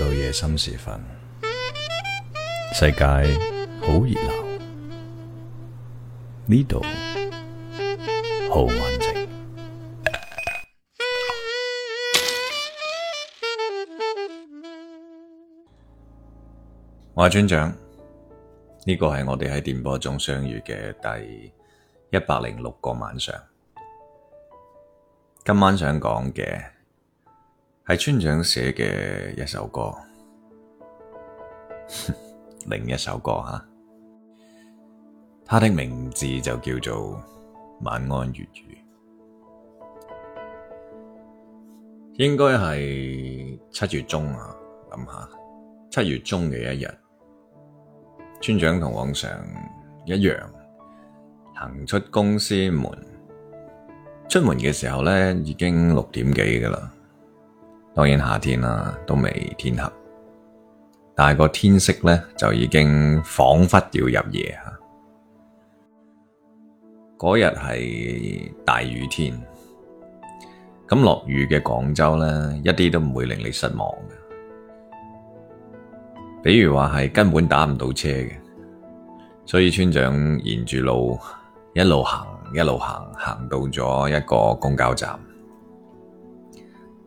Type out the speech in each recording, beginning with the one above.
到夜深時分，世界好熱鬧，呢度好安靜。我係村長，呢個係我哋喺電波中相遇嘅第一百零六個晚上。今晚想講嘅，係村長寫嘅一首歌， 另一首歌吓，它的名字就叫做《晚安粵語》，應該係七月中啊，諗下七月中嘅一日，村長同往常一樣行出公司門，出門嘅時候呢，已經六點幾㗎喇。當然夏天啦啊，都未天黑，但係個天色呢，就已經仿佛要入夜啊！嗰日係大雨天，咁落雨嘅廣州呢，一啲都唔會令你失望嘅，比如話係根本打唔到車嘅，所以村長沿住路一路行一路行，行到咗一個公交站。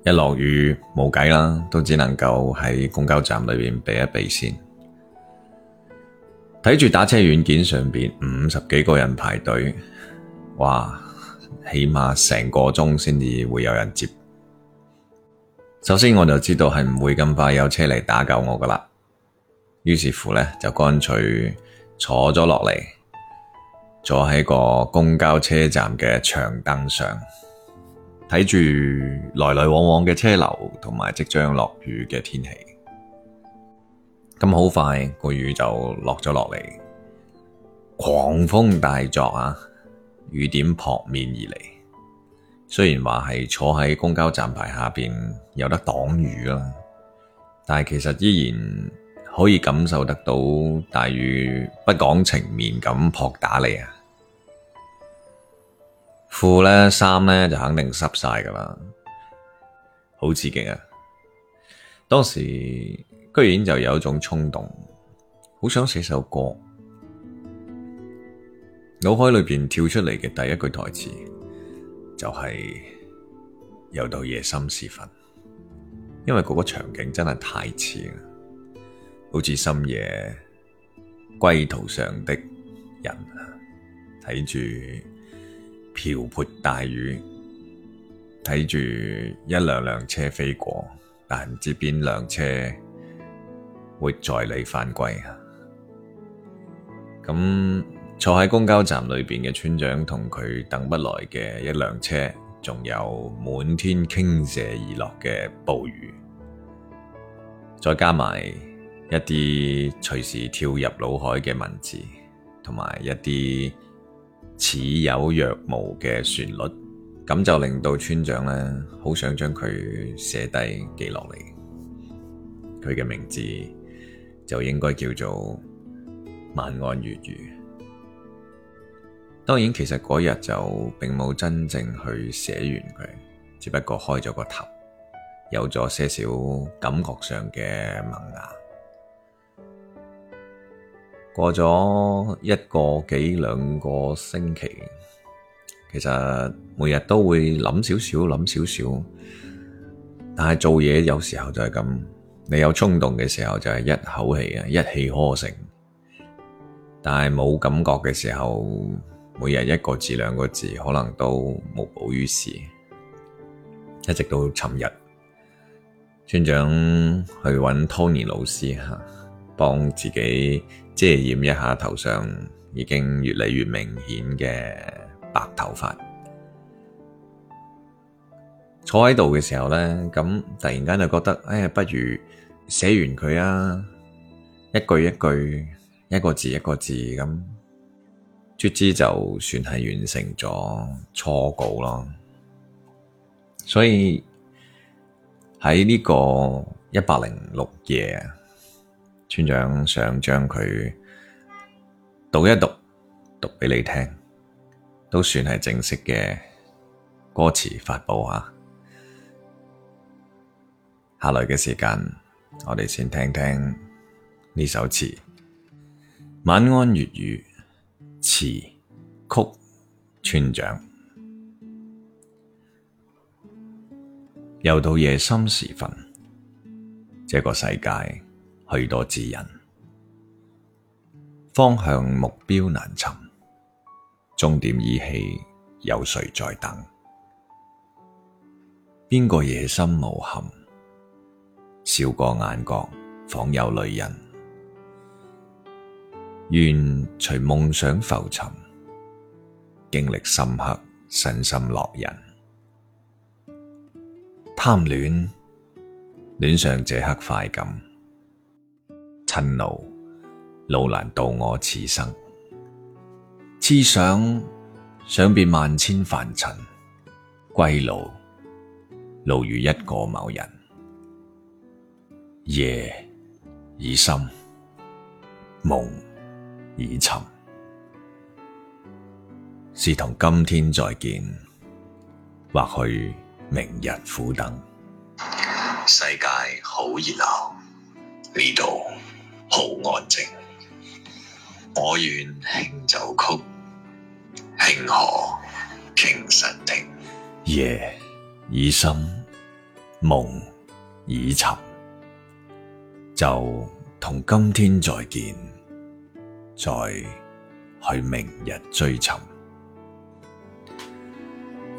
一落雨冇計啦，都只能夠喺公交站裏面避一避先。睇住打車軟件上邊五十幾個人排隊，哇，起碼成個鐘先至會有人接。首先我就知道係唔會咁快有車嚟打救我噶啦，於是乎咧就乾脆坐咗落嚟，坐喺個公交車站嘅長凳上。睇住來來往往嘅車流，同埋即將落雨嘅天氣，咁好快個雨就落咗落嚟，狂風大作啊！雨點撲面而嚟，雖然話係坐喺公交站牌下邊有得擋雨啊，但係其實依然可以感受得到大雨不講情面咁撲打你啊！褲咧、衫咧就肯定濕晒噶啦，好刺激啊！當時居然就有一種衝動，好想寫首歌。腦海裏邊跳出嚟嘅第一句台詞就係：又到夜深時分，因為嗰個場景真係太似啦，好似深夜歸途上的人睇住。瓢潑大雨，睇住一輛輛車飛過，但唔知邊輛車會載你返歸啊！咁坐喺公交站裏邊嘅村長同佢等不來嘅一輛車，仲有滿天傾瀉而落嘅暴雨，再加埋一啲隨時跳入腦海嘅文字，同埋一啲。似有若無嘅旋律，咁就令到村長咧，好想將佢寫低記落嚟。佢嘅名字就應該叫做晚安粵語。當然，其實嗰日就並冇真正去寫完佢，只不過開咗個頭，有咗些少感覺上嘅萌芽。過咗一個幾兩個星期，其實每日都會諗少少諗少少，但係做嘢，有時候就係咁，你有衝動嘅時候就係一口氣啊，一氣呵成。但係冇感覺嘅時候，每日一個字兩個字，可能都無補於事。一直到尋日，村長去搵 Tony 老師吓，幫自己。遮掩一下頭上，已經越嚟越明顯嘅白頭髮。坐喺度嘅時候呢，咁突然間就覺得，唉、哎，不如寫完佢啊！一句一句，一個字一個字咁，卒之就算係完成咗初稿咯。所以喺呢個一百零六夜。村長想將佢讀一讀，讀畀你聽，都算係正式嘅歌詞發布吓。下來嘅時間，我哋先聽聽呢首詞《晚安粵語》，詞/曲：村長，又到夜深時分，這個世界。許多指引，方向目標難尋，終點依稀有誰在等？邊個夜深無憾？笑過眼角，仿有淚痕。願隨夢想浮沉，經歷深刻，身心烙印。貪戀戀上這刻快感。嗔怒，怒難渡我此生，痴賞賞遍萬千繁塵，歸路，路遇一個某人，夜已深，夢已沉，是同今天再見，或許明日苦等。世界好熱鬧呢度好安靜，我願輕奏曲，卿可，傾身聽，夜已深，夢已沉，就同今天再見，再去明日追尋。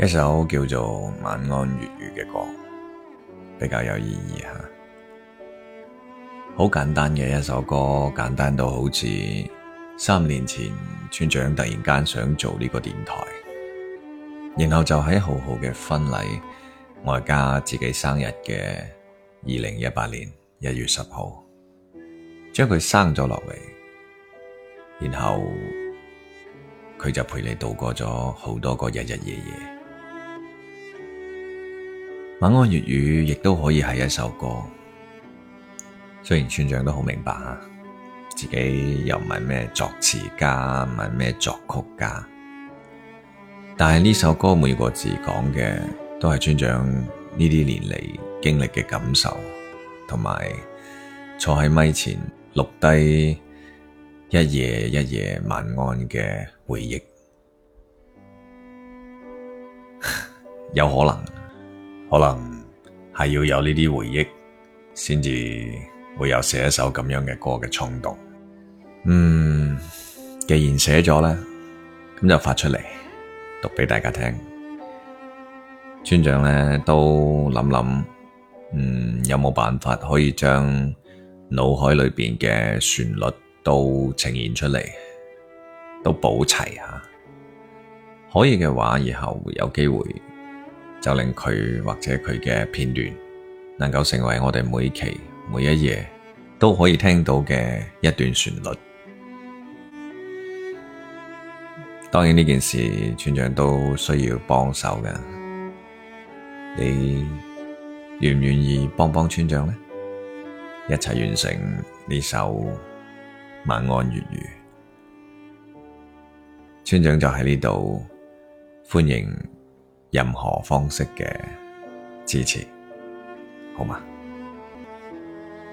一首叫做《晚安粵語》嘅歌，比較有意義吓。好簡單嘅一首歌，簡單到好似三年前村長突然間想做呢個電台，然後就喺昊昊嘅婚禮，外加自己生日嘅二零一八年一月十號，將佢生咗落嚟，然後佢就陪你度過咗好多個日日夜夜。晚安粵語亦都可以係一首歌。雖然村長都好明白，自己又唔係咩作詞家，唔係咩作曲家，但係呢首歌每個字講嘅都係村長呢啲年嚟經歷嘅感受，同埋坐喺咪前錄低一夜一夜晚安嘅回憶， 有可能，可能係要有呢啲回憶先至。會有寫一首咁樣嘅歌嘅衝動，嗯，既然寫咗咧，咁就發出嚟讀俾大家聽。村長咧都諗諗，嗯，有冇辦法可以將腦海裏邊嘅旋律都呈現出嚟，都補齊下？可以嘅話，以後會有機會就令佢或者佢嘅片段能夠成為我哋每期。每一夜都可以聽到嘅一段旋律。當然，呢件事村長都需要幫手嘅，你願唔願意幫幫村長呢？一齊完成呢首晚安粵語。村長就喺呢度歡迎任何方式嘅支持，好嗎？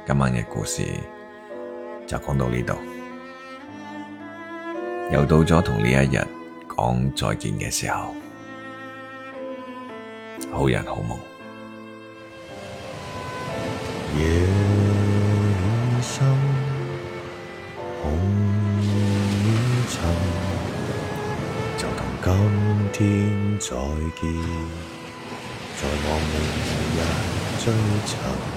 今晚嘅故事就講到呢度，又到咗同呢一日講再見嘅時候，好人好夢。夜已深，夢已沉，就同今天再見，再去明日追尋。